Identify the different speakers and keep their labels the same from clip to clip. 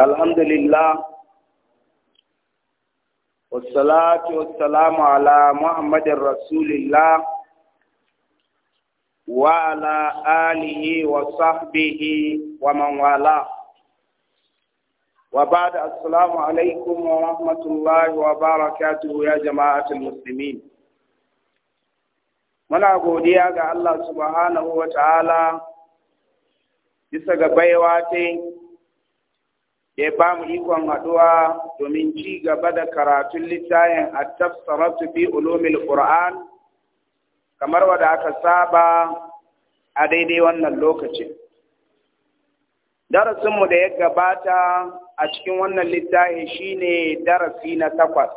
Speaker 1: الحمد لله والصلاة والسلام على محمد رسول الله وعلى آله وصحبه ومن والاه وبعد السلام عليكم ورحمة الله وبركاته يا جماعة المسلمين من godiya ga Allah subhanahu wa ta'ala bisa ga baiwa ya ba mu ikon haɗuwa domin ci gaba da karatun littayin a tafsaratu bi ulumil Qur'an kamar wadda aka saba a daidai wannan lokacin. Darasinmu da ya gabata a cikin wannan littafi shine darasi na takwas,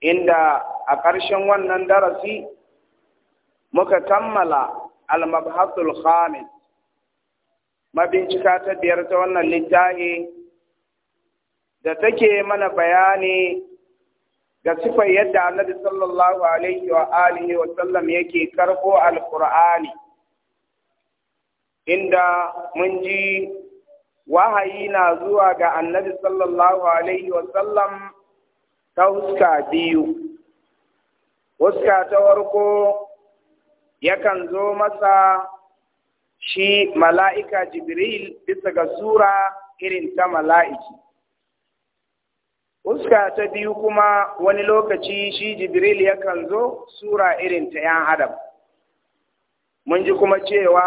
Speaker 1: inda a ƙarshen wannan darasi muka kammala al-mabhasul khamis mabincika ta biyar ta wannan littafi da take mana bayani ga sifar yadda annabi sallallahu alaihi wa alihi wa sallam yake karbo alqur'ani inda mun ji wahayi na zuwa ga annabi sallallahu alaihi wa sallam ta huska biyu huska ta warko yakan zo masa shi mala'ika Jibril bisa ga sura irin ta mala'iki. Uska ta biyu kuma wani lokaci shi Jibril yakan zo sura irin ta ‘yan Adam. Mun ji kuma cewa,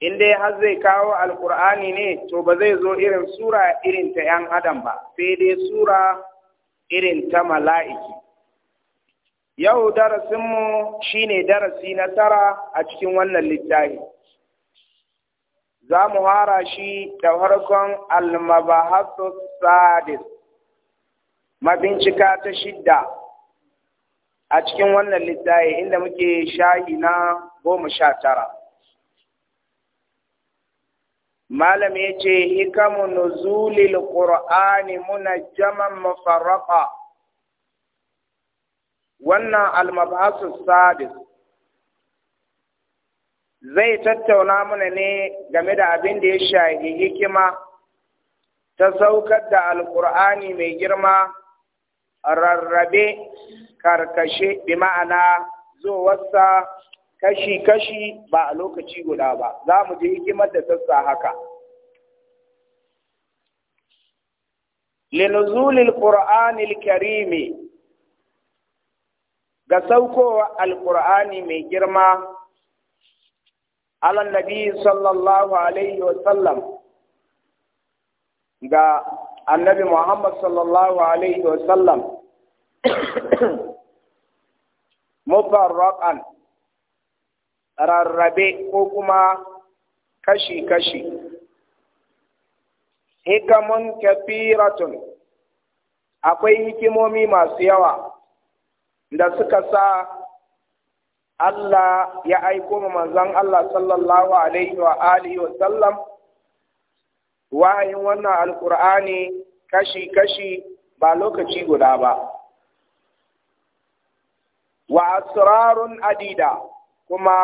Speaker 1: in dai har zai kawo Alƙur'ani ne, to ba zai zo irin sura irin ta ‘yan Adam ba, sai dai sura irin ta mala'iki. Yau darasinmu shi ne darasi na tara a cikin wannan littafi. Za mu hara shi da farkon almabahatu sadis, mabincika ta shidda a cikin wannan littafi inda muke shahi na goma sha tara. Malam ya ce, Hikamu nuzulil Qur'ani munajjaman mafarraqa. wannan almabasu sadis zai tattauna mana ne game da abin da ya shahi hikima ta saukar da alkur'ani mai girma rarrabe karkashe bi ma'ana zuwarsa kashi-kashi ba a lokaci guda ba za mu ji hikimar da sassa haka لنزول القرآن karimi da saukowa alkur'ani mai girma alan nabi sallallahu alaihi wasallam ga annabi muhammad sallallahu alaihi wasallam mufarraqan rarrabe ko kuma kashi-kashi hikamun kafiratun akwai hikimomi masu yawa da suka sa Allah ya aiko ma manzon Allah sallallahu alaihi wa alihi wa sallam wannan alkur'ani kashi-kashi ba lokaci guda ba wa asrarun adida kuma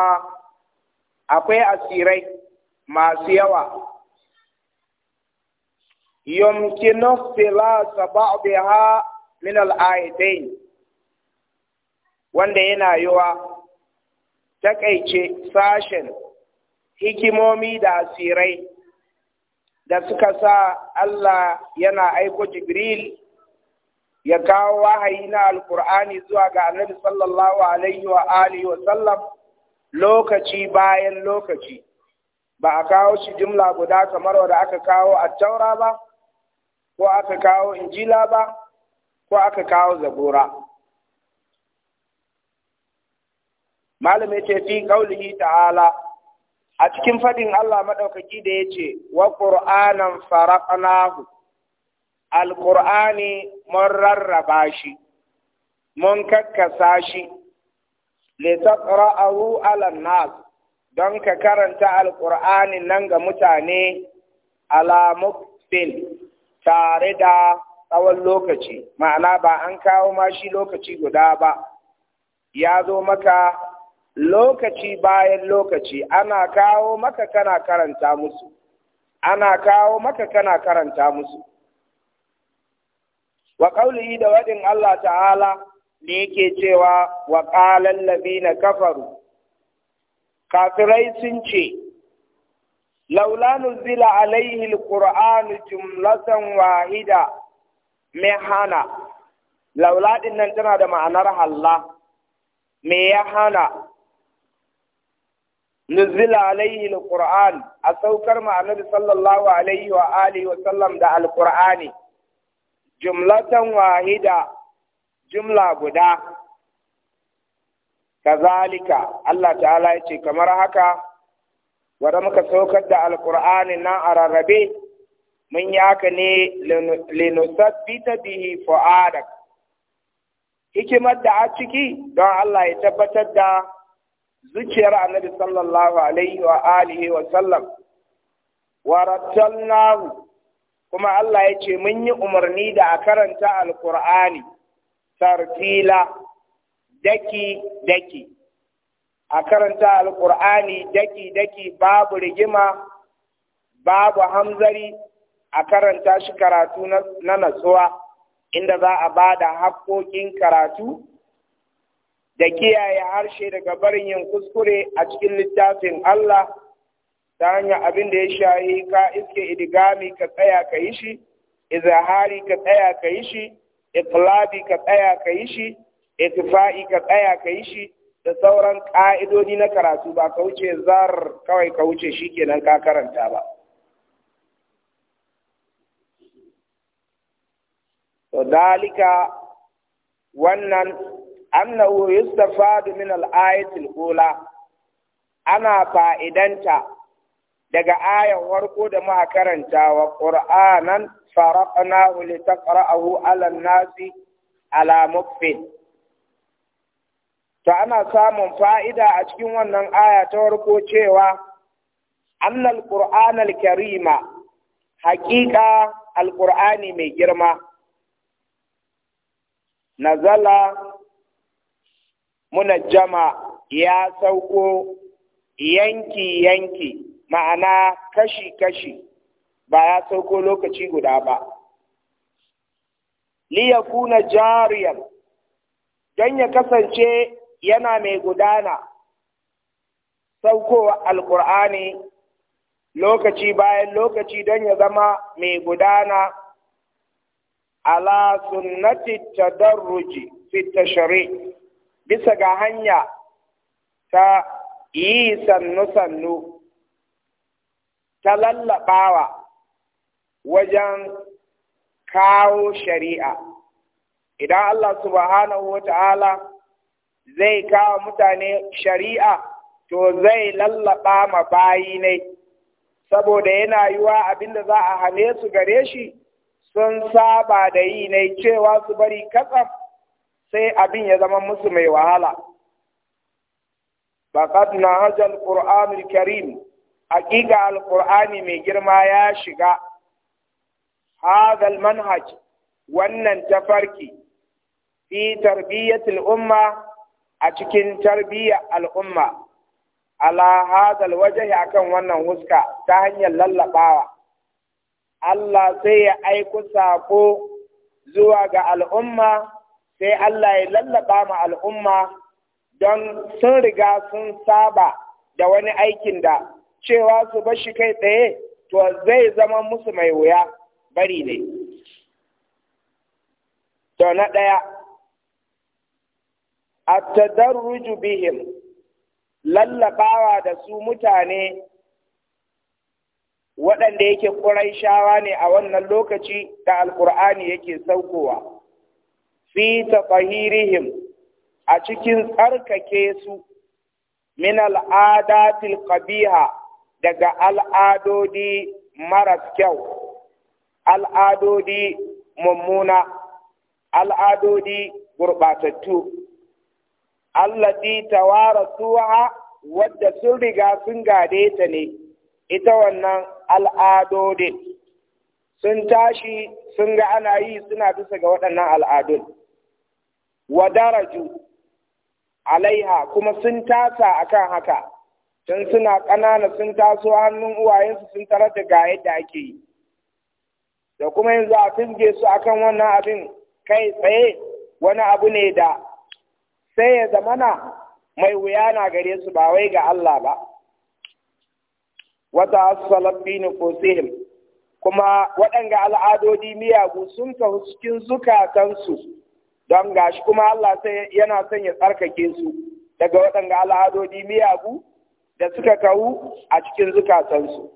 Speaker 1: akwai asirai masu yawa la filasa ba'daha min al wanda yana yiwa takaice sashen hikimomi da asirai da suka sa Allah yana aiko Jibril ya kawo wahayi na Alƙur'ani zuwa ga Annabi sallallahu alaihi wa alihi wa sallam lokaci bayan lokaci ba a kawo shi jumla guda kamar wanda aka kawo a taura ba ko aka kawo injila ba ko aka kawo zabura malume ce fi kaulihi ta'ala a cikin fadin Allah madaukaki da yace wa qur'anan faraqnahu alqur'ani mun rarraba shi mun kakkasa shi taqra'ahu 'ala nas don ka karanta alqur'ani nan ga mutane ala muktin tare da tsawon lokaci ma'ana ba an kawo ma shi lokaci guda ba ya zo maka lokaci bayan lokaci ana kawo maka kana karanta musu ana kawo maka kana karanta musu wa qaulihi da wadin Allah ta'ala ne yake cewa wa qalan ladina kafaru kafirai sun ce laula nuzila alaihi alquran jumlatan wahida mihana laula din nan tana da ma'anar Allah me ya hana نزل عليه القرآن أسوكر مع النبي صلى الله عليه وآله وسلم دع القرآن جملة واحدة جملة بدا كذلك الله تعالى يتي كما هكا ورمك سوكر دع القرآن نعر ربي من يأكني لنثبت به فؤادك hikimar da a ciki don Allah ya tabbatar da zuciyar annabi sallallahu alaihi wa alihi wa sallam wa kuma Allah ya ce mun yi umarni da a karanta alkur'ani tartila daki daki a karanta alkur'ani daki daki babu rigima babu hamzari a karanta shi karatu na natsuwa inda za a ba da haƙƙoƙin karatu da kiyaye harshe daga barin yin kuskure a cikin littafin Allah ta hanyar abin da ya shayi ka iske idigami ka tsaya ka yi shi izahari ka tsaya ka yi shi iqlabi ka tsaya ka yi shi ittifa'i ka tsaya ka yi shi da sauran ƙa'idodi na karatu ba ka wuce zar kawai ka wuce shi kenan ka karanta ba to dalika wannan annahu yustafadu min al-ayatil ula ana fa'idanta daga ayan warko da muka karanta wa qur'anan faraqnahu litaqra'ahu 'ala al nasi ala mukfin to ana samun fa'ida a cikin wannan aya ta warko cewa annal qur'anal karima haƙiƙa alƙur'ani mai girma nazala Muna munajjama ya sauko yanki yanki ma'ana kashi kashi ba ya sauko lokaci guda ba na jariyar. don ya kasance yana mai gudana saukowa alkur'ani lokaci bayan lokaci don ya zama mai gudana ala sunnati tadarruji fi bisa ga hanya ta yi sannu-sannu ta lallaɓawa wajen kawo shari'a idan Allah subhanahu wa ta'ala zai kawo mutane shari'a to zai lallaɓa ma bayi ne saboda yana yiwa abinda za a hane su gare shi sun saba da yi ne cewa su bari katsaf sai abin ya zama musu mai wahala faqad nahaja Karim, alkarim al alqurani mai girma ya shiga hazal manhaj wannan tafarki fi tarbiyyatul umma a cikin tarbiyyar al'umma ala waje akan wannan huska ta hanyar lallabawa Allah sai ya aiko sako zuwa ga al'umma sai Allah ya lallaba ma al'umma don sun riga sun saba da wani aikin da cewa su bashi kai tsaye to zai zama musu mai wuya bari ne. To na ɗaya, a tadarruju bihim lallabawa da su mutane waɗanda yake ƙurai shawa ne a wannan lokaci da alƙur'ani yake saukowa. fi tafahirihim a cikin tsarkake su min al'adatil kabiha daga al'adodi maras kyau al'adodi mummuna al'adodi gurbatattu allati tawarasuha wadda sun riga sun gade ta ne ita wannan al'adodin sun tashi sun ga ana yi suna bisa ga waɗannan al'adun wa daraju alaiha kuma sun tasa akan haka tun suna ƙanana sun taso hannun uwayensu sun tarar da ga yadda ake yi da kuma yanzu a fizge su akan wannan abin kai tsaye wani abu ne da sai ya zamana mai wuya na gare su ba wai ga Allah ba wata asalar bini kuma waɗanga al'adodi miyagu sun tafi cikin zukatansu don gashi kuma Allah sai yana son ya tsarkake su daga waɗanda al'adodi miyagu da suka kawu a cikin zukatansu.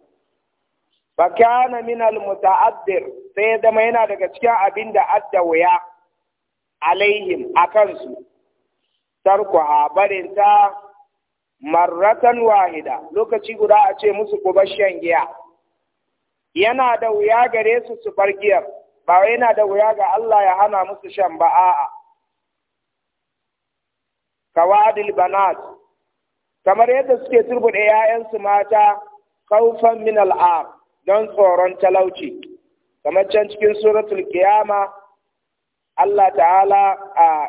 Speaker 1: Bakana min al-muta'addir sai ya zama yana daga cikin abin da adda wuya alaihim a kansu, a barinta marratan wahida lokaci guda a ce musu kubashen shan giya. Yana da wuya gare su su bar giyar. ba wai yana da wuya ga Allah ya hana musu shan ba a'a kawadil banat kamar yadda suke turbuɗe 'ya'yansu mata kaufan min al'ar don tsoron talauci kamar can cikin suratul kiyama Allah ta'ala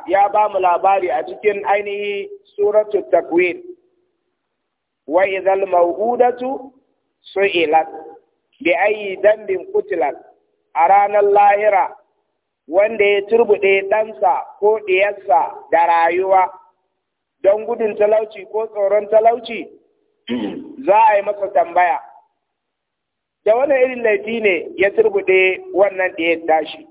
Speaker 1: ya ba mu labari a cikin ainihi suratul takwin wa idhal mawhudatu su'ilat bi ayyi dambin qutilat a ranar lahira wanda ya turbuɗe ɗansa ko ɗiyarsa da rayuwa don gudun talauci ko tsoron talauci za a yi masa tambaya da wani irin laifi ne ya turbuɗe wannan ya tashi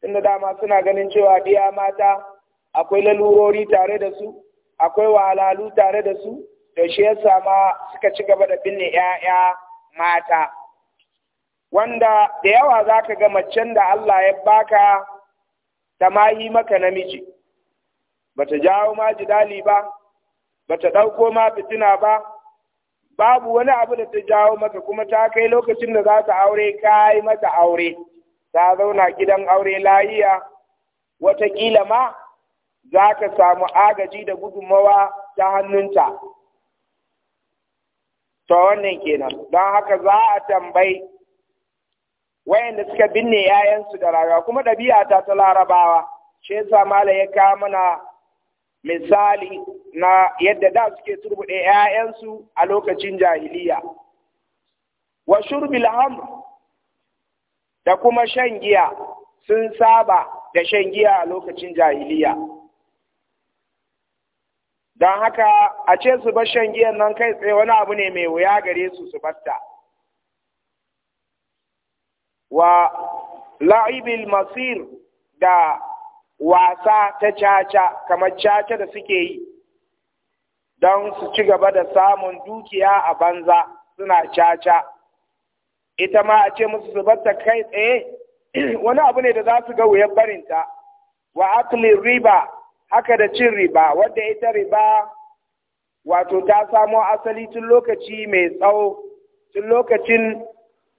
Speaker 1: tunda dama suna ganin cewa ɗiya mata akwai lalurori tare da su akwai wahalalu tare da su da shi ya sama suka ci gaba da binne 'ya'ya mata wanda da yawa za ka ga macen da Allah ya baka ta mahi maka namiji ba ta jawo ma jidali ba ba ta ɗauko ma fitina ba babu wani abu da ta jawo maka kuma ta kai lokacin da za ta aure ka yi mata aure ta zauna gidan aure layiya watakila ma za ka samu agaji da gudunmawa ta hannunta ta wannan kenan don haka za a tambayi wayanda suka binne yayansu da raga kuma ɗabi'a ta ta larabawa shi yasa mala ya kawo mana misali na yadda da suke turbuɗe yayansu a lokacin jahiliya wa shurbil hamr da kuma shan giya sun saba da shan giya a lokacin jahiliya don haka a ce su bar shan giyan nan kai tsaye wani abu ne mai wuya gare su su batta. wa la'ibil masir da wasa ta caca kamar caca da suke yi don su ci gaba da samun dukiya a banza suna caca ita ma a ce musu su kai tsaye wani abu ne da za su ga wuyar barinta wa akli riba haka da cin riba wadda ita riba wato ta samo asali tun lokaci mai tsawo tun lokacin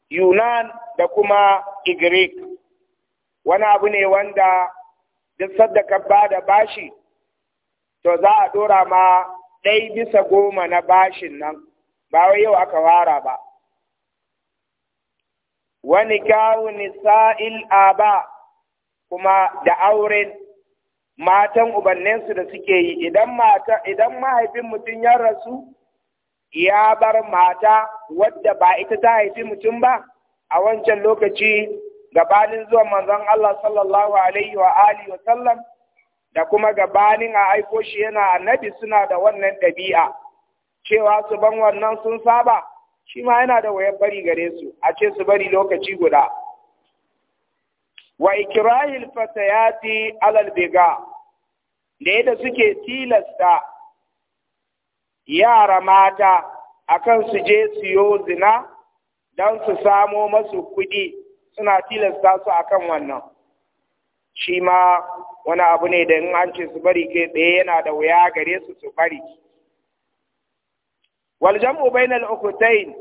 Speaker 1: yunan da kuma igrik wani abu ne wanda duk sadaka ba da bashi to za a dora ma ɗai bisa goma na bashin nan ba wai yau aka wara ba wani kawo nisa'il ba kuma da auren matan ubanninsu da suke yi idan mahaifin mutum ya rasu ya bar mata wadda ba ita ta haifi mutum ba a wancan lokaci gabanin zuwan manzon Allah sallallahu alaihi wa alihi wa sallam da kuma gabanin a aiko shi yana annabi suna da wannan ɗabi'a cewa su ban wannan sun saba shi ma yana da wayar bari gare su a ce su bari lokaci guda wa ikrahil fatayati alal biga da yadda suke tilasta yara mata akan su je siyo zina don su samo masu kuɗi suna tilasta su akan wannan shi ma wani abu ne da in an ce su bari ke tsaye yana da wuya gare su su bari Waljan Ubainal bainal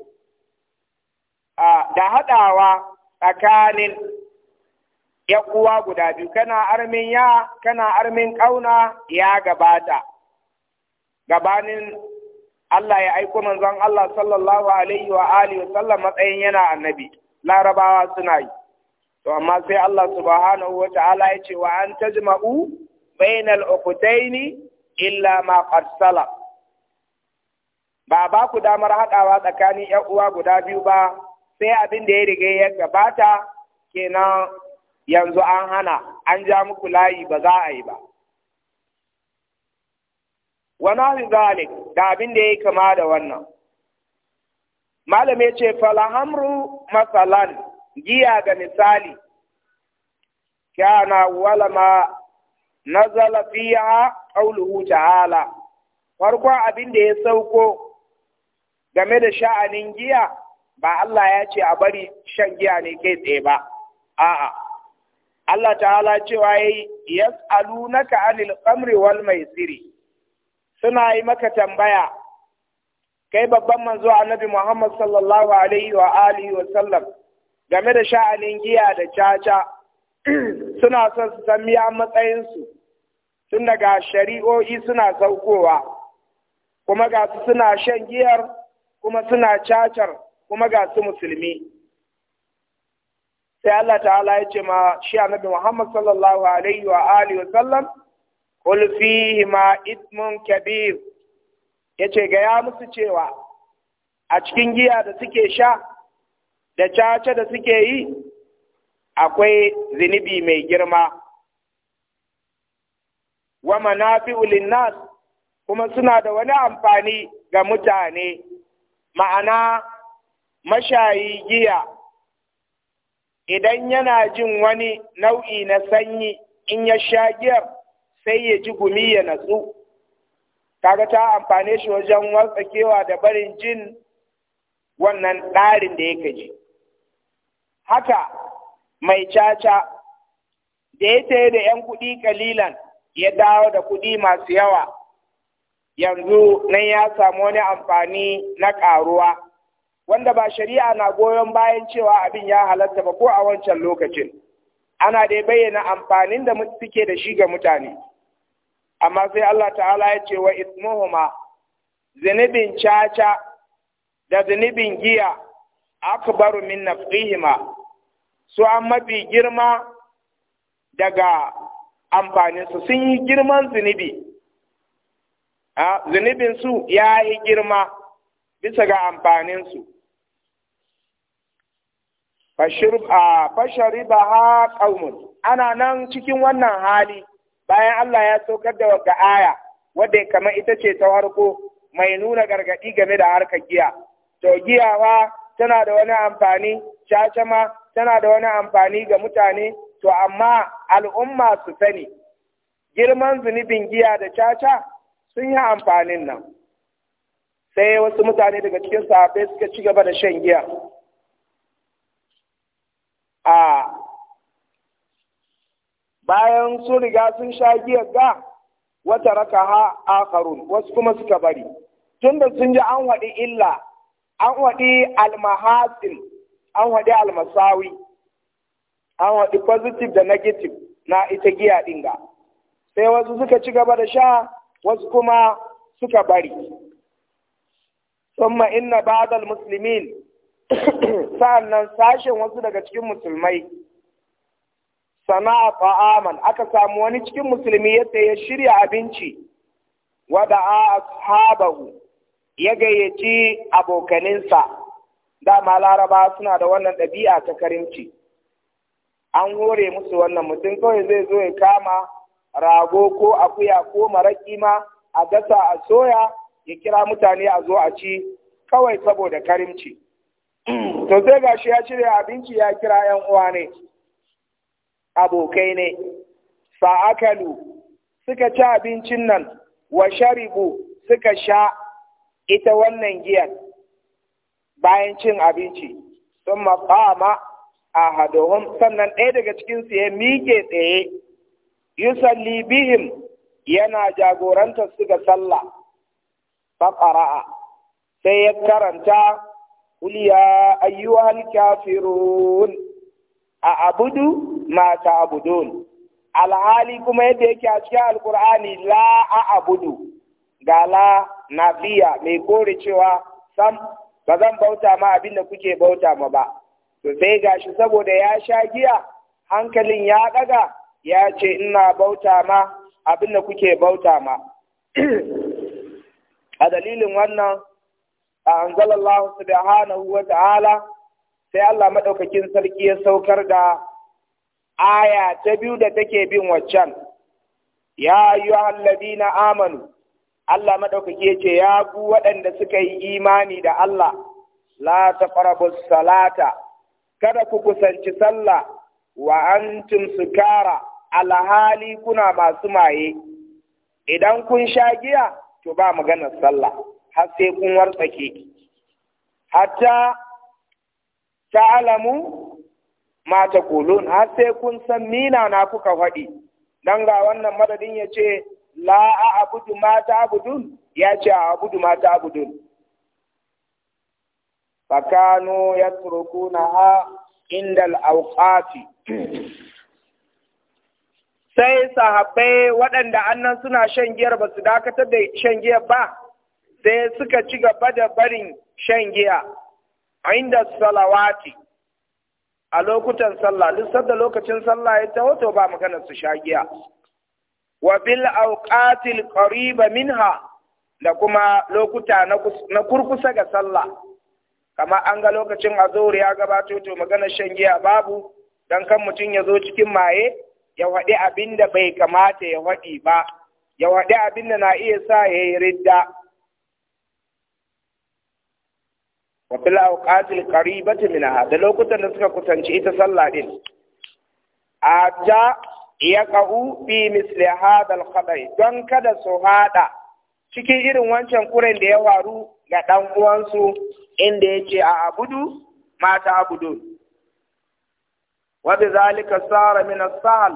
Speaker 1: da hadawa tsakanin ya uwa guda biyu kana armin ya kana armin ƙauna, ya gabata gabanin Allah ya aiko manzon Allah sallallahu alaihi wa alihi wa sallam matsayin yana annabi larabawa suna yi to amma sai Allah subhanahu wa ta'ala ya ce wa an tajma'u bainal uqtaini illa ma qad ba ba ku damar haɗawa tsakanin ƴan uwa guda biyu ba sai abin da ya riga ya gabata kenan yanzu an hana an ja muku layi ba za a yi ba wa nahi zalik da abin da yayi kama da wannan Malami ya ce falahamru masalan giya ga misali kana wala ma nazala fiha qawluhu ta'ala farko abin da ya sauko game da sha'anin giya ba Allah ya ce a bari shan giya ne kai tsaye ba a'a Allah ta'ala cewa yayi yas'alunaka anil qamri wal maisiri suna yi maka tambaya kai babban manzo annabi Muhammad sallallahu alaihi wa alihi wa sallam game da sha'anin giya da caca suna son su san miya matsayinsu tun daga shari'o'i suna saukowa kuma ga su suna shan giyar kuma suna cacar kuma ga su musulmi sai Allah ta'ala ya ce ma shi annabi Muhammad sallallahu alaihi wa alihi wa sallam qul fihi ma ismun kabir yace ga ya musu cewa a cikin giya da suke sha da caca da suke yi akwai zinubi mai girma wa manafi'u linnas kuma suna da wani amfani ga mutane ma'ana mashayi giya idan yana jin wani nau'i na sanyi in ya sha giyar sai ya ji gumi ya natsu kaga ta amfane shi wajen watsakewa da barin jin wannan ɗarin da yake ji haka mai caca da ya taye da 'yan kuɗi kalilan ya dawo da kuɗi masu yawa yanzu nan ya samu wani amfani na ƙaruwa wanda ba shari'a na goyon bayan cewa abin ya halatta ba ko a wancan lokacin ana dai bayyana amfanin da suke da shi ga mutane amma sai Allah ta'ala ya ce wa ismuhuma zunubin caca da zunubin giya akbaru min nafqihima su an mafi girma daga amfaninsu sun yi girman zunubi su ya yi girma bisa ga amfaninsu fashariba ha ƙaunin ana nan cikin wannan hali bayan Allah ya saukar da wagga aya wadda kamar ita ce ta harko mai nuna gargaɗi game da harkar giya to giya tana da wani amfani caca ma tana da wani amfani ga mutane to amma al'umma su sani girman zunubin giya da caca sun yi amfanin nan sai wasu mutane daga cikin sahabbai suka ci gaba da shan giya a bayan sun riga sun sha giyar ga wata raka ha akharun wasu kuma suka bari tunda sun ji an waɗi illa an waɗi almahasin an waɗi almasawi an waɗi positive da negative na ita giya ɗinga sai wasu suka ci gaba da sha wasu kuma suka bari ثم إن بعض المسلمين sa'annan sashen wasu daga cikin musulmai sana'a ta'aman aka samu wani cikin musulmi yadda ya shirya abinci wada ashabahu ya gayyaci abokaninsa dama laraba suna da wannan ɗabi'a ta karimci an hore musu wannan mutum kawai zai zo ya kama rago ko akuya ko maraƙi ma a dasa a soya ya kira mutane a zo a ci kawai saboda karimci to sai gashi ya shirya abinci ya kira 'yan uwa ne abokai ne fa'akalu suka ci abincin nan wa sharibu suka sha ita wannan giyan, bayan cin abinci sun mafama a hadohun sannan ɗaya daga cikinsu ya miƙe tsaye Yusan bihim yana jagorantar su ga sallah faƙara'a sai ya karanta kuliya ayyuhal kafirun a abudu ma ta'budun alhali kuma yadda yake a cikin alkur'ani la a abudu ga la mai kore cewa sam ba zan bauta ma abinda kuke bauta ma ba to sai gashi saboda ya sha giya hankalin ya daga ya ce ina bauta ma abinda kuke bauta ma a dalilin wannan a anzalallahu subhanahu wa ta'ala sai Allah madaukakin sarki ya saukar da aya ta biyu da take bin waccan ya ayyuhal na amanu Allah maɗaukaki yace ya gu waɗanda suka yi imani da Allah la taqrabus salata kada ku kusanci sallah wa antum sukara alhali kuna masu maye idan kun sha giya to ba maganar sallah har sai kun wartsake hatta alamu? Mata ta kulun har sai kun san mina na kuka faɗi dan ga wannan madadin ya ce la a abudu ma ta abudun ya ce a abudu ma ta abudun fakanu na ha indal auqati sai sahabbai waɗanda annan suna shan giyar ba su dakatar da shan giyar ba sai suka ci gaba da barin shan giya inda salawati a lokutan sallah duk sanda lokacin sallah ya taho to ba maganar su shagiya wa bil awqatil qariba minha da kuma lokuta na kurkusa ga sallah kamar an ga lokacin azuri ya gabato to maganar shan giya babu dan kan mutum ya zo cikin maye ya faɗi abin da bai kamata ya faɗi ba ya faɗi abin da na iya sa ya yi ridda wa fil awqatil qaribati minha da lokutan da suka kusanci ita sallah din ata yaqau bi misli hadha al don kada su hada cikin irin wancan kuren da ya waru ga dan uwansu inda yace a abudu mata abudu wa bi zalika sara min as-sahl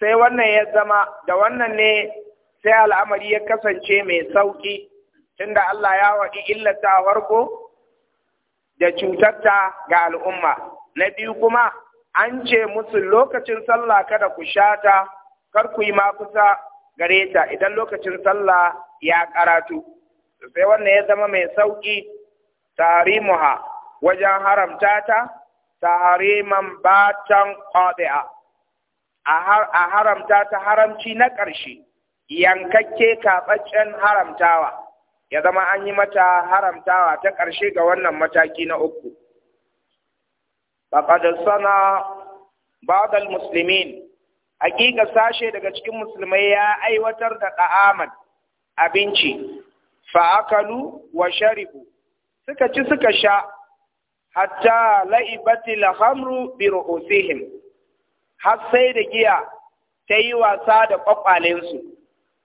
Speaker 1: sai wannan ya zama da wannan ne sai al'amari ya kasance mai sauki tunda Allah ya waɗi illata farko da cutarta ga al'umma. Na biyu kuma, an ce musu lokacin sallah kada ku shata, kar ku yi ma kusa gare ta idan lokacin sallah ya karatu. Sai wannan ya zama mai sauƙi, tarimuha wajen haramta ta, tariman batan ƙwaɗi'a. A haramta ta haramci na ƙarshe, yankakke kaɓaccen haramtawa. ya zama an yi mata haramtawa ta ƙarshe ga wannan mataki na uku. Faƙad sana ba'dal muslimin hakika sashe daga cikin musulmai ya aiwatar da ɗa'aman abinci fa'akalu wa sharibu suka ci suka sha hatta la'ibati lahamru bi ru'usihim har sai da giya ta yi wasa da ƙwaƙwalensu.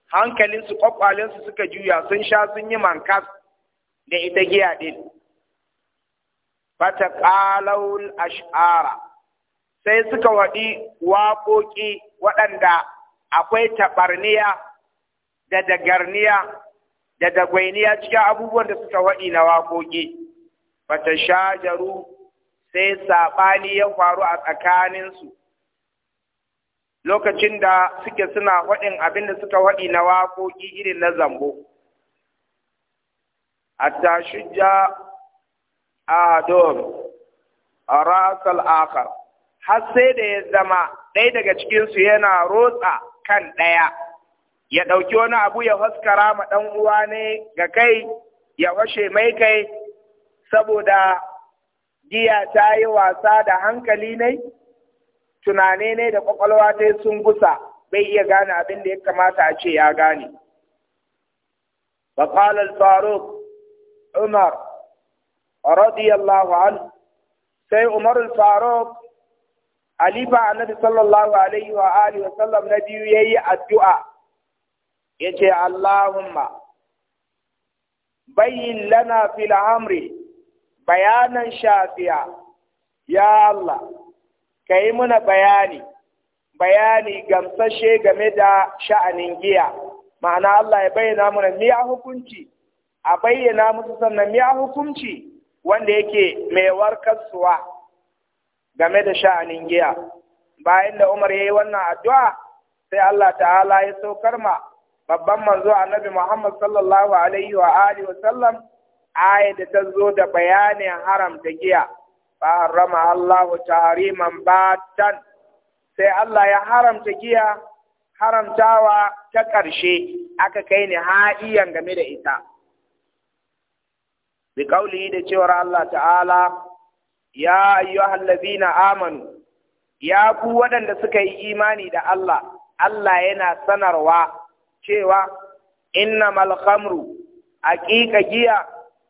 Speaker 1: hankalinsu ƙwaƙwalensu suka juya sun sha sun yi mankas da ita giya ɗin. Fata ƙalawul ash'ara sai suka waɗi waƙoƙi waɗanda akwai taɓarniya da dagarniya da dagwainiya cikin abubuwan da suka waɗi na waƙoƙi. Fata shajaru sai saɓani ya faru a tsakaninsu lokacin da suke suna waɗin abin da suka waɗi na waƙoƙi irin na zambo hatta shujja adon rasal Akar, har sai da ya zama ɗaya daga cikinsu yana rotsa kan ɗaya ya ɗauki wani abu ya haskara ma ɗan uwa ne ga kai ya washe mai kai saboda giya ta yi wasa da hankali ne tunane ne da kwakwalwa ta sun gusa bai iya gane abin da ya kamata a ce ya gane فقال Faruk Umar radiyallahu الله sai Umar Faruk Alifa Annabi sallallahu alaihi wa alihi wa sallam na biyu ya yi addu'a yace Allahumma Bayin lana fil bayanan shafiya ya Allah ka yi muna bayani bayani gamsashe game da sha'anin giya ma'ana Allah ya bayyana mana miya hukunci a bayyana musu sannan miya hukunci wanda yake mai warkarsuwa game da sha'anin giya bayan da Umar ya yi wannan addu'a sai Allah ta'ala ya saukar ma babban manzo annabi Muhammad sallallahu alaihi wa alihi wa sallam da ta zo da bayanin haramta giya fa harrama Allahu tahriman sai Allah ya haramta giya haramtawa ta ƙarshe aka kai ni ha'iyan game da ita bi kauli da cewar Allah ta'ala ya ayyuhal ladzina amanu ya ku waɗanda suka yi imani da Allah Allah yana sanarwa cewa innamal khamru aqiqa giya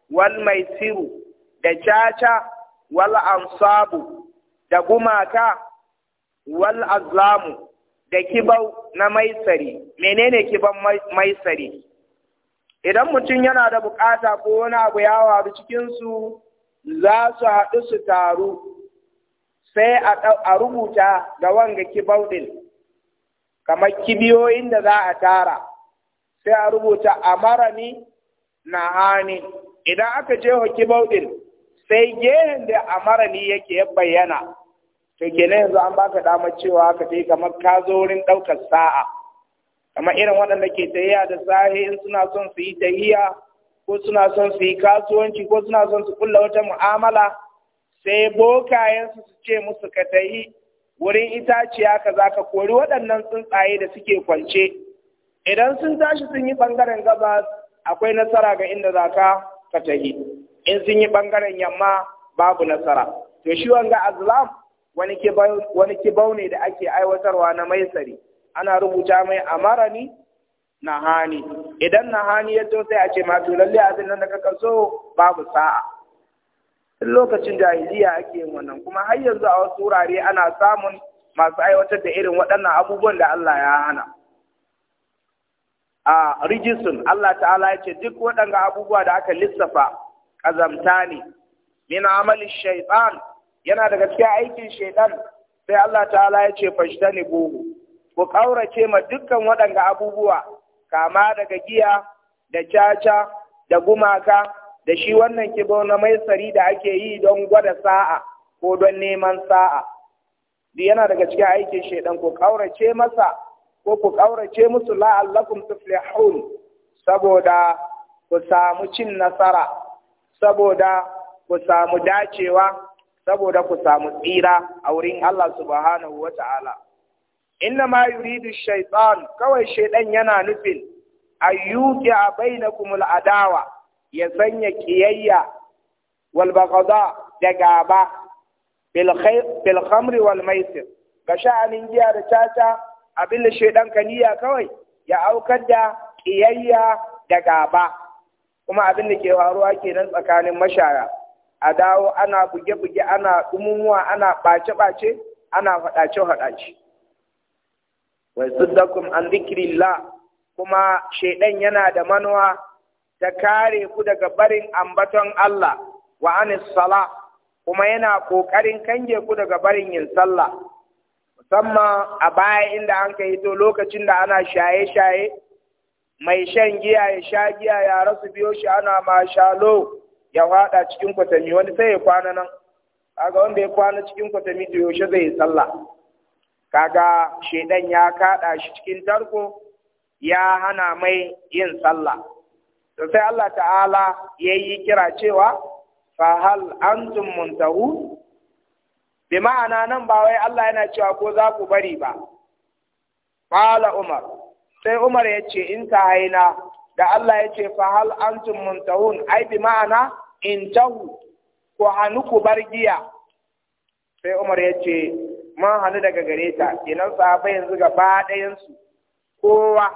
Speaker 1: wal maisiru da caca wal ansabu da gumaka wal azlamu da kibau na maisari menene kiban maisari idan mutum yana da bukata ko wani abu ya waru cikinsu za su haɗu su taru sai a rubuta ga wanga kibau ɗin kamar kibiyoyin da za a tara sai a rubuta a amarani na hani idan aka je wa kibau ɗin sai gehen da amara ni yake ya bayyana to kenan yanzu an baka damar cewa ka je kamar ka zo wurin ɗaukar sa'a kamar irin waɗanda ke tahiya da sahi in suna son su yi tahiya ko suna son su yi kasuwanci ko suna son su kulla wata mu'amala sai bokayensu su ce musu ka tahi wurin itaciya ka za ka kori waɗannan tsuntsaye da suke kwance idan sun tashi sun yi ɓangaren gabas akwai nasara ga inda za ka ka tahi in sun yi ɓangaren yamma babu nasara to shi wanga azlam wani kibau ne da ake aiwatarwa na maisari ana rubuta mai amarani na hani idan na hani ya to sai a ce ma to lalle abin nan da kaka so babu sa'a lokacin jahiliya ake yin wannan kuma har yanzu a wasu wurare ana samun masu aiwatar da irin waɗannan abubuwan da Allah ya hana a rijisun Allah ta'ala ya ce duk waɗanga abubuwa da aka lissafa Ƙazamta ne min amali shaitan yana daga cikin aikin shaitan sai Allah ta'ala ya ce fashtani buhu ku ƙaurace ma dukkan waɗanga abubuwa kama daga giya da caca da gumaka da shi wannan kibo na maisari da ake yi don gwada sa'a ko don neman sa'a duk yana daga cikin aikin shaidan ku ƙaurace masa ko ku ƙaurace musu la'allakum tuflihun saboda ku samu cin nasara saboda ku samu dacewa saboda ku samu tsira a wurin Allah subhanahu wa ta'ala. Inna ma yuridu shaitan kawai shaidan yana nufin ayyuki a bainakumul adawa ya sanya kiyayya wal bagada da gaba bil khamri wal maisir ga sha'anin giya da caca abin da shaidan kaniya kawai ya aukar da kiyayya da gaba kuma abin da ke faruwa kenan tsakanin mashaya a dawo ana buge-buge ana dumumuwa ana bace ɓace ana faɗace-faɗace wai suddakum an zikirillah kuma shaidan yana da manuwa ta kare ku daga barin ambaton Allah wa anis sala kuma yana ƙoƙarin kange ku daga barin yin sallah musamman a baya inda an ka hito lokacin da ana shaye-shaye mai shan giya ya sha giya ya rasu biyo shi ana mashalo ya fada cikin kwatami wani sai ya kwana nan kaga wanda ya kwana cikin kwatami da yaushe zai yi sallah kaga shedan ya kada shi cikin tarko ya hana mai yin sallah to sai Allah ta'ala yayi kira cewa fa hal antum muntahu bima'ana nan ba wai Allah yana cewa ko za ku bari ba qala umar sai Umar ya ce in ta haina da Allah ya ce fa hal antum muntahun ai bi ma'ana in tahu ko hannu ku bar giya sai Umar ya ce man hannu daga gare ta kenan sahabbai yanzu gaba ɗayan kowa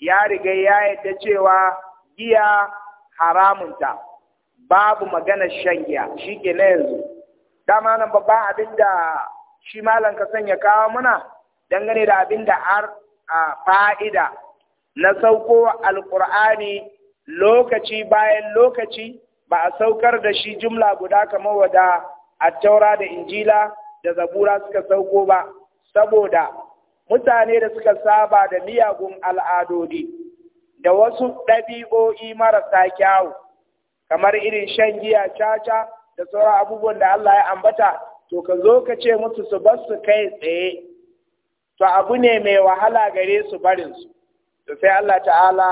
Speaker 1: ya riga ya yadda cewa giya haramunta babu maganar shan giya shi ke na yanzu dama nan babban abin da shi malam ka sanya kawo muna dangane da abin da a fa'ida na sauko alƙur'ani lokaci bayan lokaci ba a saukar da shi jumla guda kamar wada attaura da injila da zabura suka sauko ba saboda mutane da suka saba da miyagun al'adodi da wasu ɗabi'o'i marasa kyawu kamar irin shan giya caca da sauran abubuwan da Allah ya ambata to ka zo ka ce musu su bar kai tsaye to abu ne mai wahala gare su barin su to sai Allah ta'ala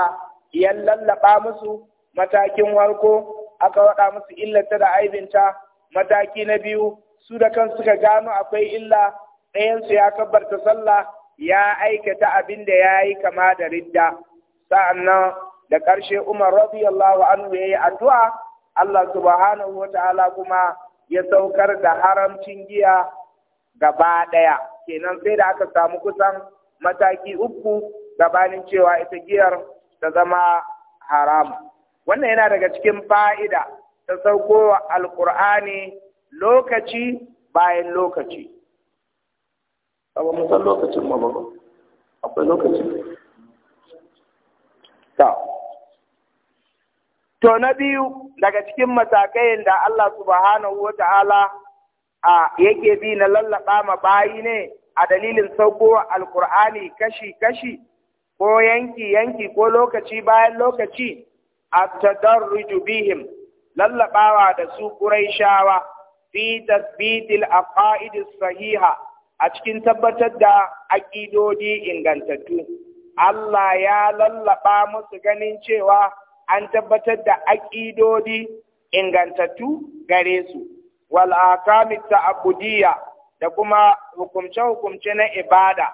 Speaker 1: ya lallaba musu matakin warko aka waɗa musu illata da aibinta mataki na biyu su da kan suka gano akwai illa ɗayansu ya kabbarta sallah ya aikata abin da ya yi kama da ridda sa'annan da ƙarshe umar radiyallahu anhu ya yi addu'a Allah subhanahu wa ta'ala kuma ya saukar da haramcin giya gaba ɗaya. kenan sai da aka samu kusan mataki uku gabanin cewa ita giyar ta zama haram. wannan yana daga cikin fa'ida ta sauko alkur'ani lokaci bayan lokaci abu musan lokacin ma akwai lokaci to na biyu daga cikin matakai da Allah subhanahu wa ta'ala a yake bi na lallaba ma bayi ne a dalilin saukowa alkur'ani kashi-kashi ko yanki-yanki ko lokaci bayan lokaci a tadarruju bihim lallabawa da su ƙuraishawa fi tasbitil aqaidis sahiha a cikin tabbatar da aƙidodi ingantattu Allah ya lallaba musu ganin cewa an tabbatar da aƙidodi ingantattu gare su wal ahkami ta'budiyya da kuma hukumce hukumce na ibada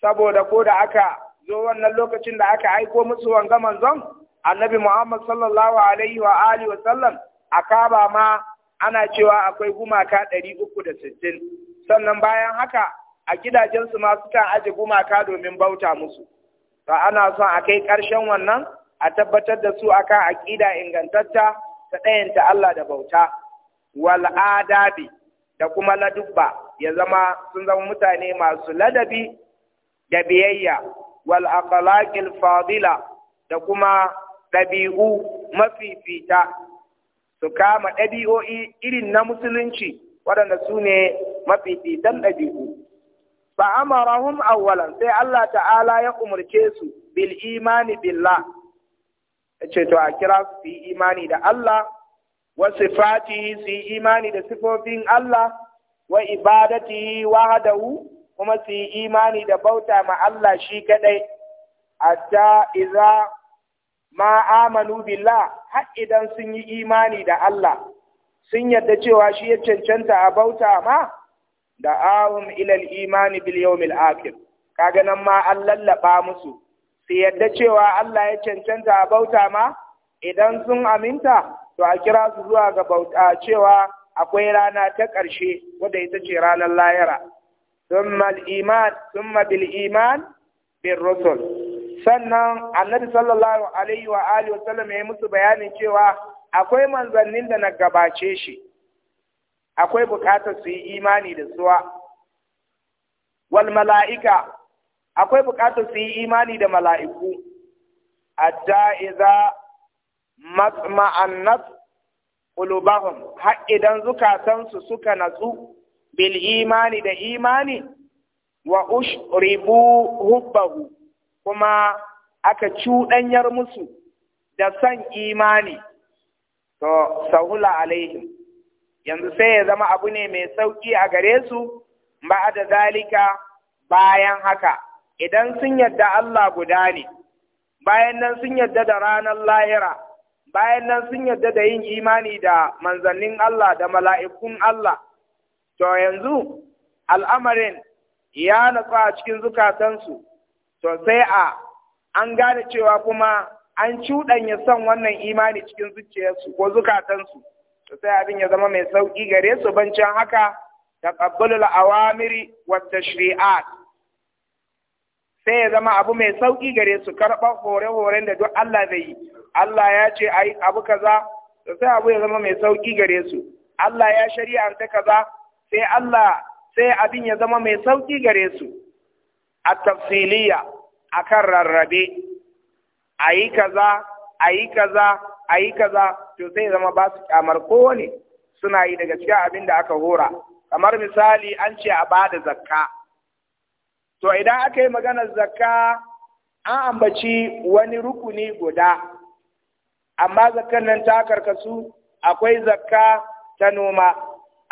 Speaker 1: saboda ko da aka zo wannan lokacin da aka aiko musu wanga manzon annabi Muhammad sallallahu alaihi wa alihi wa sallam akaba ma ana cewa akwai gumaka 360 sannan bayan haka a gidajensu ma sukan aje gumaka domin bauta musu to ana son a kai ƙarshen wannan a tabbatar da su akan aƙida ingantatta ta ɗayanta Allah da bauta wal da kuma ladubba ya zama sun zama mutane masu ladabi da biyayya wal fadila da kuma ɗabi'u mafifita su kama ɗabi'o'i irin na musulunci waɗanda su ne mafifitan ɗabi'u fa amarahum awwalan sai Allah ta'ala ya umarce su bil imani billah ce to a kira su yi imani da Allah wa sifatihi su imani da sifofin Allah wa ibadatihi wahdahu kuma su yi imani da bauta ma Allah shi kadai hatta idza ma amanu billah har idan sun yi imani da Allah sun yarda cewa shi ya cancanta a bauta ma da ahum ilal imani bil yawmil akhir kaga nan ma an lallaba musu su yadda cewa Allah ya cancanta a bauta ma idan sun aminta to a kira su zuwa ga bauta cewa akwai rana ta ƙarshe wadda ita ce ranar layara thumma bil iman bin rusul sannan annabi sallallahu alaihi wa alihi wa sallam ya musu bayanin cewa akwai manzannin da na gabace shi akwai bukatar su yi imani da suwa wal mala'ika akwai bukatar su yi imani da mala'iku hatta idza ma'annat qulubahum har idan zukatansu suka natsu bil imani da imani wa ushribu hubbahu kuma aka cuɗanyar musu da san imani to sahula alaihim yanzu sai ya zama abu ne mai sauƙi a gare su ba da zalika bayan haka idan sun yadda Allah guda ne bayan nan sun yadda da ranar lahira bayan nan sun yarda da yin imani da manzannin Allah da mala'ikun Allah to yanzu al'amarin ya natsu a cikin zukatansu to sai a an gane cewa kuma an cuɗanya son wannan imani cikin zuciyarsu ko zukatansu to sai abin ya zama mai sauƙi gare su bancan haka taqabbalul awamiri wata tashri'at sai ya zama abu mai sauƙi gare su karɓar hore-horen da duk Allah zai yi Allah ya ce ai abu kaza sai abu ya zama mai sauki gare su Allah ya ta kaza sai Allah sai abin ya zama mai sauki gare su a tafsiliya akan rarrabe ayi kaza ayi kaza ayi kaza to sai zama ba su kyamar kowane suna yi daga cikin abin da aka hora kamar misali an ce a bada zakka to idan aka yi maganar zakka an ambaci wani rukuni guda amma zakkan nan ta karkasu akwai zakka ta noma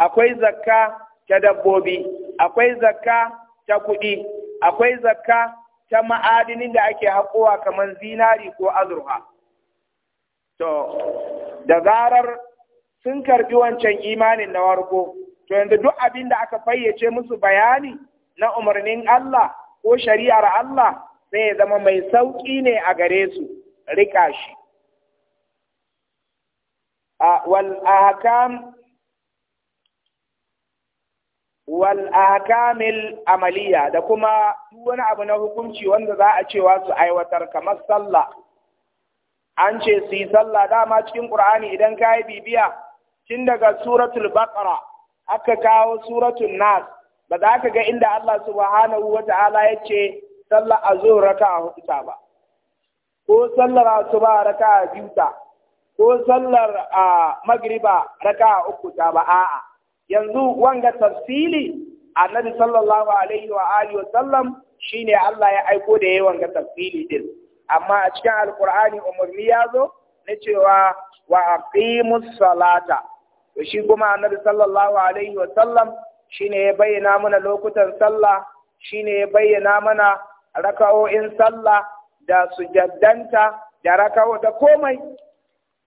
Speaker 1: akwai zakka ta dabbobi akwai zakka ta kuɗi akwai zakka ta ma'adinin da ake haƙowa kamar zinari ko azurfa to da zarar sun karbi wancan imanin na warko to yanzu duk abin da aka fayyace musu bayani na umarnin Allah ko shari'ar Allah sai ya zama mai sauƙi ne a gare su rika shi wal ahkam wal amaliya da kuma wani abu na hukunci wanda za cewa su aiwatar kamar sallah an ce su yi sallah dama cikin Ƙur'ani, idan ka yi bibiya tun daga suratul baqara aka kawo suratun nas ba za ka ga inda Allah subhanahu wa ta'ala ya ce sallah azhur raka'a hudu ba ko sallar asuba raka'a biyu ta ko sallar a magriba raka uku ta ba a'a yanzu wanga tafsili annabi sallallahu alaihi wa alihi wa sallam shine Allah ya aiko da yawan ga tafsili din amma a cikin alqur'ani umarni ya zo na cewa wa aqimus salata to shi kuma annabi sallallahu alaihi wa sallam shine ya bayyana mana lokutan sallah shine ya bayyana mana raka'o'in sallah da sujaddanta da raka'o da komai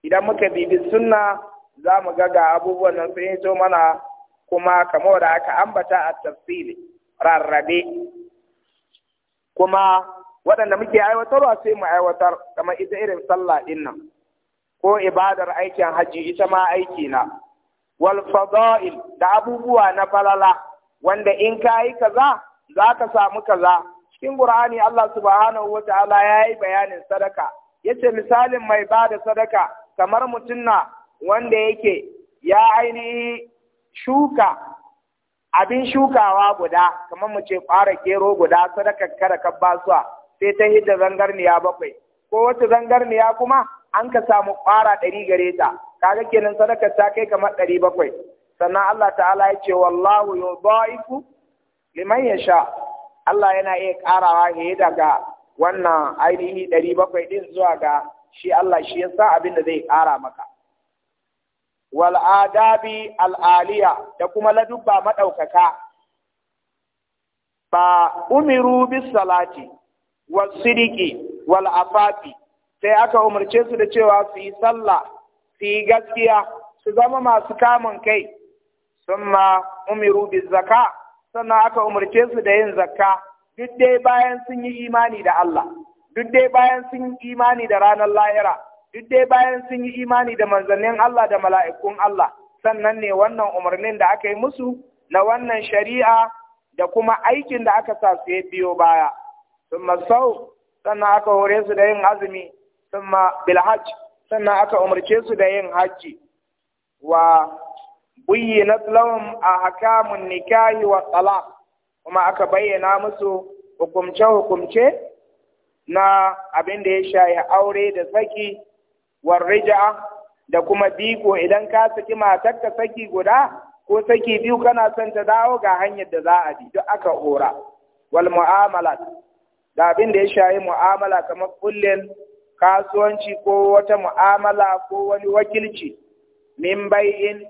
Speaker 1: idan muka bibi sunna za mu ga ga abubuwan nan sun hito mana kuma kamar da aka ambata a tafsiri rarrabe kuma waɗanda muke aiwatarwa sai mu aiwatar kamar ita irin sallah ɗin nan ko ibadar aikin hajji ita ma aiki na wal fada'il da abubuwa na falala wanda in ka yi kaza za ka samu kaza cikin qur'ani Allah subhanahu wataala ta'ala ya yi bayanin sadaka yace misalin mai ba da sadaka kamar mutum na wanda yake ya ainihi shuka abin shukawa guda kamar mu ce fara gero guda sadakar kada ka su sai ta hidda zangarniya bakwai ko wata zangarniya kuma an ka samu ƙwara ɗari gare ta kaga kenan sadakar ta kai kamar ɗari bakwai sannan Allah ta'ala ya ce wallahu yudaifu liman yasha Allah yana iya ƙarawa ne daga wannan ainihi ɗari bakwai ɗin zuwa ga shi Allah shi ya sa abin da zai ƙara maka Wal’adabi al'aliya da kuma ladubba maɗaukaka ba umiru bis salati wal sidiki wal afafi sai aka umarce su da cewa su yi sallah su yi gaskiya su zama masu kamun kai ma umiru bis zaka sannan aka umarce su da yin zakka duk dai bayan sun yi imani da Allah duk dai bayan sun yi imani da ranar lahira duk dai bayan sun yi imani da manzannin Allah da mala'ikun Allah sannan ne wannan umarnin da aka yi musu na wannan shari'a da kuma aikin da aka sa su biyo baya sun sau sannan aka hore su da yin azumi sun bil bilhaj sannan aka umarce su da yin haji wa na tsalawun a hakamun nikahi wa tsala, kuma aka bayyana musu hukumce hukumce na abin da ya shayi aure da saki warrija da kuma biko idan ka saki matarka saki guda ko saki biyu kana son ta dawo ga hanyar da za a bi duk aka hora wal mu'amalat da abin da ya shayi mu'amala kamar kullen kasuwanci ko wata mu'amala ko wani wakilci min bai'in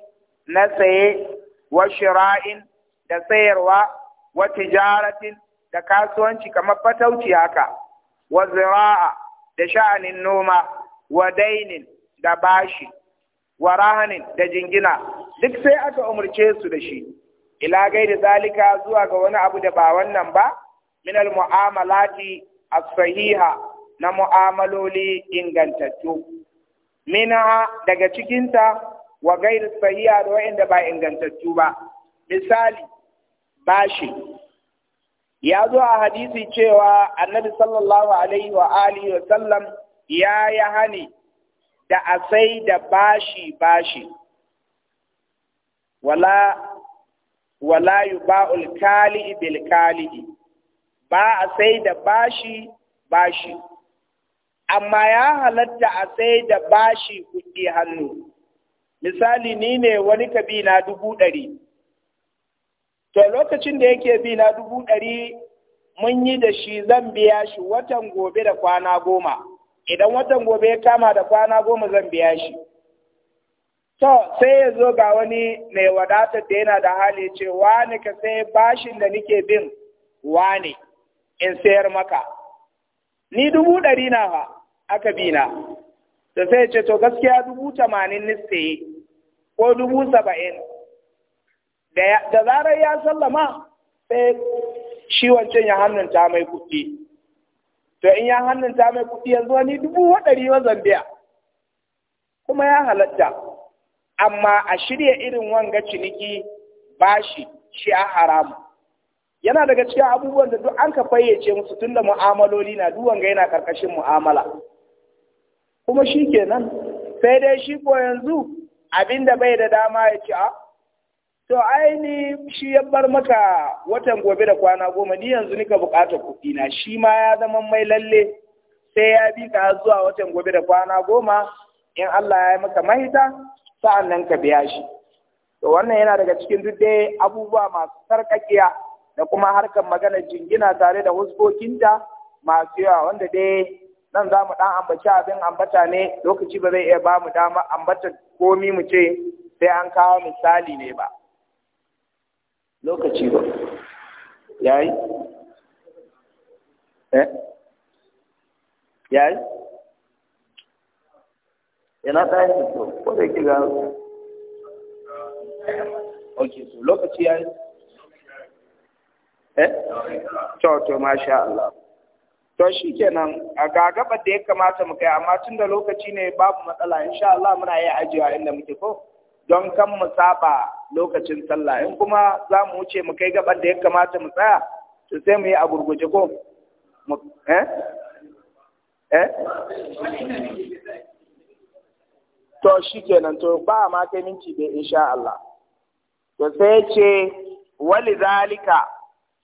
Speaker 1: na saye wa shira'in da sayarwa wa tijaratin da kasuwanci kamar fatauci haka wa zira'a da sha'anin noma wa dainin da bashi wa rahanin da jingina duk sai aka umarce su da shi ila da zalika zuwa ga wani abu da ba wannan ba min al mu'amalati as-sahiha na mu'amaloli ingantattu minha daga cikinta wa gairu sahiha da wa'inda ba ingantattu ba misali bashi ya zo a hadisi cewa annabi sallallahu alaihi wa alihi wa sallam ya yi hani da a sai da bashi bashi wala wala yuba'ul kali bil kali ba a sai da bashi bashi amma ya halatta a sai da bashi kuɗi hannu misali ni ne wani kabila dubu ɗari to lokacin da yake bi na dubu ɗari mun yi da shi zan biya shi watan gobe da kwana goma idan watan gobe ya kama da kwana goma zan biya shi to sai ya zo ga wani mai wadatar da yana da hali ce wani ka sai bashin da nike bin wani in sayar maka ni dubu ɗari na ha, aka bi na da sai ce to gaskiya dubu tamanin ni ko dubu saba'in da zarar ya sallama sai shi wancan ya hannunta mai kuɗi to in ya hannunta mai kuɗi yanzu wani dubu waɗari wa biya. kuma ya halatta amma a shirya irin wanga ciniki bashi shi a haramu yana daga cikin abubuwan da duk an ka fayyace musu tun da mu'amaloli na duk wanga yana karkashin mu'amala kuma shi kenan sai dai shi ko yanzu abinda bai da dama ya ce a ah, to aini shi ya bar maka watan gobe da kwana goma ni yanzu nika bukatar kuɗi na shi ma ya zama mai lalle sai ya bi ka zuwa watan gobe da kwana goma in Allah ya yi maka mahita sa'an nan ka biya shi to wannan yana daga cikin duk dai abubuwa masu sarkakiya da kuma harkar magana jingina tare da huskokinta masu yawa wanda dai nan za mu ɗan ambaci abin ambata ne lokaci ba zai iya ba mu dama ambata komi mu ce sai an kawo misali ne ba lokaci ba yayi eh yayi yana ta yi to ko da kiga ok so lokaci yayi eh to to masha Allah to shikenan a gagabar da ya kamata mu kai amma tun da lokaci ne babu matsala insha Allah muna yi ajiya inda muke ko don kan mu saba lokacin sallah in kuma za mu wuce mu kai gaban da ya kamata mu tsaya to sai mu yi a gurguje ko eh eh to shikenan to ba ma kai minti da insha Allah to sai ce wali zalika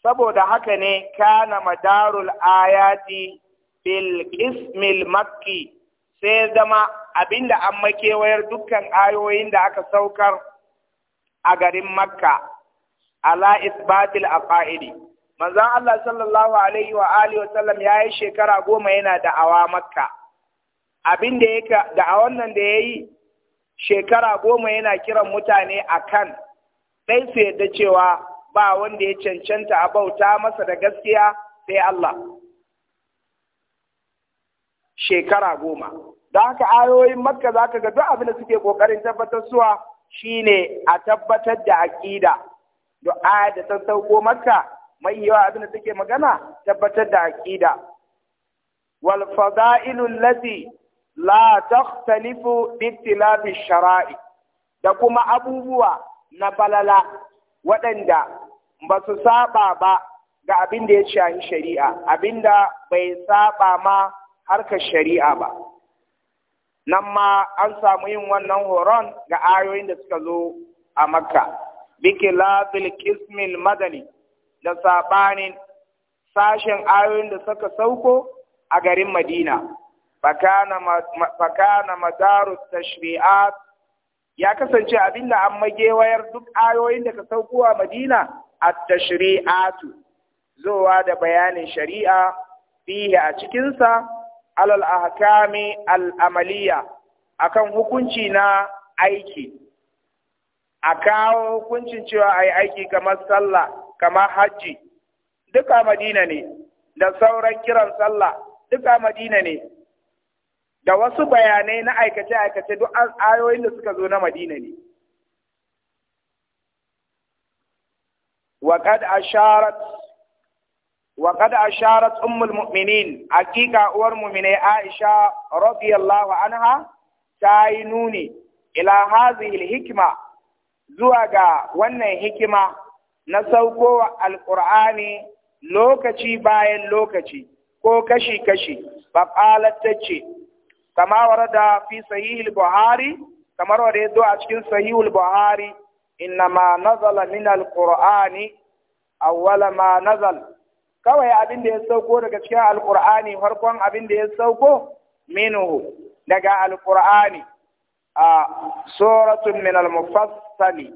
Speaker 1: saboda haka ne kana madarul ayati bil ismil makki sai ya zama abinda an makewayar dukkan ayoyin da aka saukar a garin makka ala isbatil aqaidi manzon Allah sallallahu alaihi wa alihi wa sallam yayi shekara goma yana da'awa makka abinda yake da'awan nan da yayi shekara goma yana kiran mutane akan Sai su yadda cewa ba wanda ya cancanta a bauta masa da gaskiya sai Allah shekara goma don haka ayoyin makka za ka ga duk abin da suke kokarin tabbatar suwa shine a tabbatar da aƙida duk aya da ta sauko makka mai yawa abin da suke magana tabbatar da aƙida wal fada'ilu allati la takhtalifu bi shara'i da kuma abubuwa na balala waɗanda ba su saba ba ga abin da ya shari'a Abinda bai saba ma harkar shari'a ba nan ma an samu yin wannan horon ga ayoyin da suka zo a makka bikilafil kismil madani da sabanin sashen ayoyin da suka sauko a garin madina fakana madaru tashri'at ya kasance abinda da an magewayar duk ayoyin da ka sauko a madina a tashri'atu zowa da bayanin shari'a fiye a cikinsa alal ahkami al amaliya akan hukunci na aiki a kawo hukuncin cewa a yi aiki kamar sallah kamar hajji duka madina ne da sauran kiran sallah duka madina ne da wasu bayanai na aikace-aikace duk ayoyin da suka zo na madina ne وقد أشارت wa qad asharat ummul mu'minin hakika uwar mu'mine Aisha radiyallahu anha ta yi nuni ila hadhihi hikima zuwa ga wannan hikima na saukowa Alƙur'ani lokaci bayan lokaci ko kashi kashi fa qalat tace kama fi sahih buhari kamar wanda ya zo a cikin sahih buhari inna ma nazala min al-qur'ani awwala kawai abin da ya sauko daga cikin alkur'ani farkon abin da ya sauko minuhu daga alkur'ani a suratun min al-mufassali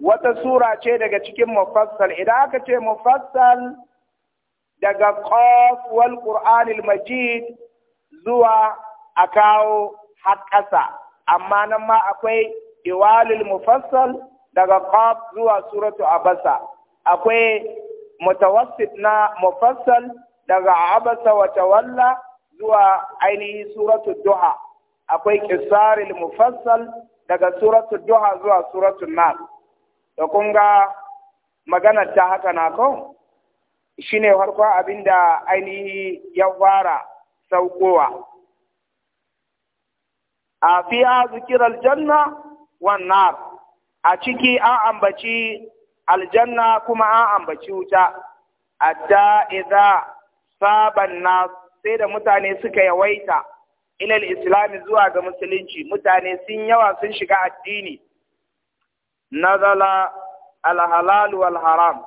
Speaker 1: wata sura ce daga cikin mufassal idan aka ce mufassal daga qaf wal al majid zuwa a kawo har amma nan ma akwai iwalil mufassal daga qaf zuwa suratu abasa akwai mutawassit na mufassal daga abasa wa tawalla zuwa ainihin suratu duha akwai kisaril mufassal daga suratu duha zuwa suratu nas da kunga ga maganar ta haka na ko shine farko abin da ainihi ya fara saukowa a fiya zikirar janna wannan a ciki an ambaci aljanna kuma an ambaci wuta adda idza saban nas sai da mutane suka yawaita ilal islami zuwa ga musulunci mutane sun yawa sun shiga addini nazala alhalal wal haram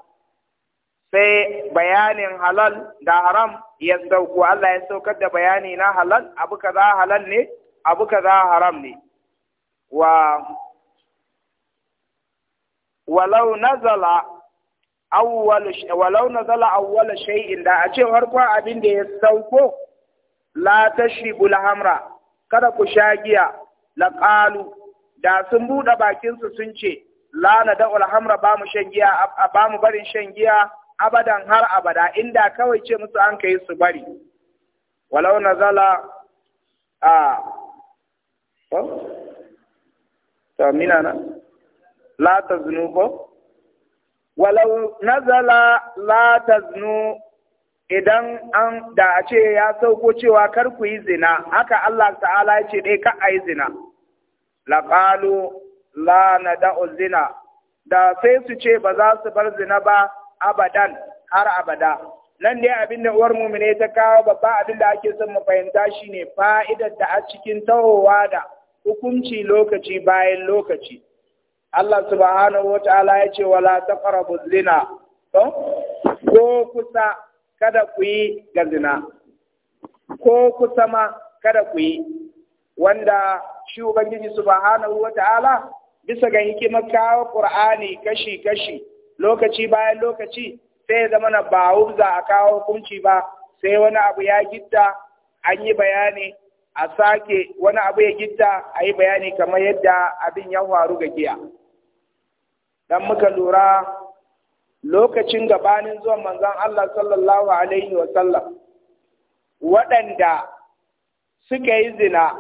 Speaker 1: sai bayanin halal da haram ya sauko Allah ya saukar da bayani na halal abu kaza halal ne abu kaza haram ne wa walau nazala awwal walau nazala awwal shay'in da a ce farkon abin da ya sauko la tashribu hamra kada ku sha giya la qalu da sun bude bakin su sun ce la na da alhamra ba mu shan giya ba mu barin shan giya abadan har abada inda kawai ce musu an kai su bari walau nazala a oh, to mina na la taznu ko walau la idan an da a ce ya sauko cewa kar ku yi zina haka Allah ta'ala ya ce dai ka a yi zina qalu la nada'u zina da sai su ce ba za su bar zina ba abadan har abada nan dai abin da uwar mumine ta kawo babba abin da ake son mu fahimta shine fa'idar da a cikin tawowa da hukunci lokaci bayan lokaci Allah subhanahu ta'ala ya ce wala taqrabu zina to ko kusa kada ku yi ga zina ko kusa ma kada ku yi wanda shi ubangiji subhanahu ta'ala bisa ga hikimar kawo qur'ani kashi kashi lokaci bayan lokaci sai zama na ba za a kawo hukunci ba sai wani abu ya gitta an yi bayani a sake wani abu ya gitta a yi bayani kamar yadda abin ya faru ga giya. dan muka lura lokacin gabanin zuwan manzon Allah sallallahu alaihi wa sallam waɗanda suka yi zina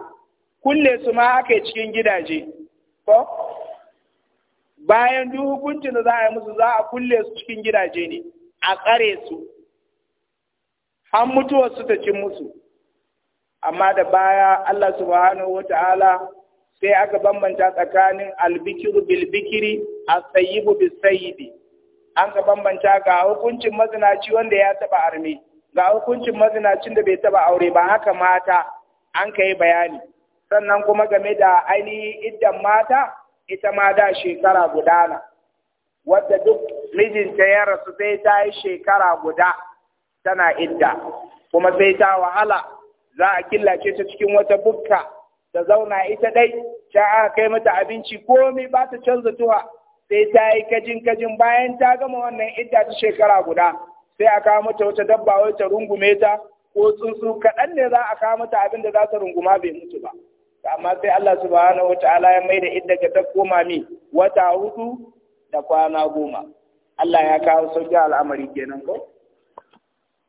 Speaker 1: kulle su ma aka cikin gidaje ko bayan duk hukuncin da za a yi musu za a kulle su cikin gidaje ne a tsare su har mutuwar su ta cin musu amma da baya Allah subhanahu Ta'ala, sai aka bambanta tsakanin albikir bilbikiri as-sayyibu bis an ka bambanta ga hukuncin mazinaci wanda ya taba arme ga hukuncin mazinacin da bai taba aure ba haka mata an ka yi bayani sannan kuma game da ainihin iddan mata ita ma da shekara gudana wadda duk mijinta ya rasu sai ta yi shekara guda tana idda kuma sai ta wahala za a killace ta cikin wata bukka ta zauna ita dai ta aka kai mata abinci komai ba ta canza tuwa sai ta yi kajin kajin bayan ta gama wannan idda ta shekara guda sai a kawo mata wata dabba wai ta rungume ta ko tsuntsu kaɗan ne za a kawo mata abin da za ta runguma bai mutu ba amma sai Allah subhanahu wa ta'ala ya mai da idda ga ta koma mi wata hudu da kwana goma
Speaker 2: Allah ya kawo
Speaker 1: sauki al'amari kenan ko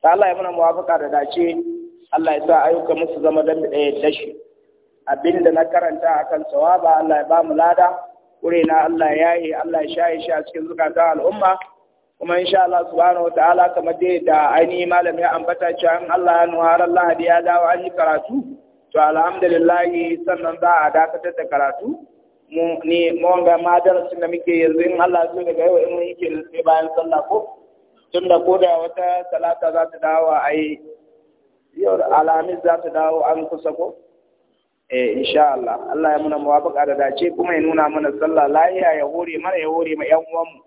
Speaker 1: ta Allah ya muna muwafaka da dace Allah ya sa ayyuka musu zama dan da dashi abinda na karanta akan sawaba Allah ya ba mu lada kure na Allah ya yi Allah sha yi sha cikin zukatan al'umma kuma insha Allah subhanahu wataala kamar dai da ainihin malam ya ambata cewa in Allah ya nuhar Allah da ya dawo an yi karatu to alhamdulillah sannan za a dakatar da karatu mu ne mu ga da muke yanzu in Allah zai daga yau in yake sai bayan sallah ko tunda ko da wata talata za ta dawo a yi yau alhamis za ta dawo an kusa ko eh insha Allah Allah ya muna muwafaqa da dace kuma ya nuna mana sallah lahiya ya hore mana ya hore ma yan uwanmu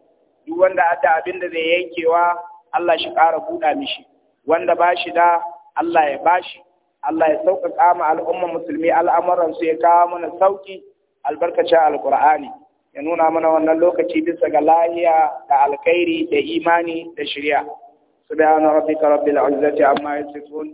Speaker 1: duk wanda adda abin da zai yankewa Allah shi ƙara buɗa mishi wanda ba shi da Allah ya bashi Allah ya sauƙaƙa ma al'umma musulmi al'amuran su ya kawo mana sauƙi albarkacin alƙur'ani ya nuna mana wannan lokaci bisa ga lahiya da alkhairi da imani da shari'a subhana rabbika rabbil izzati amma yasifun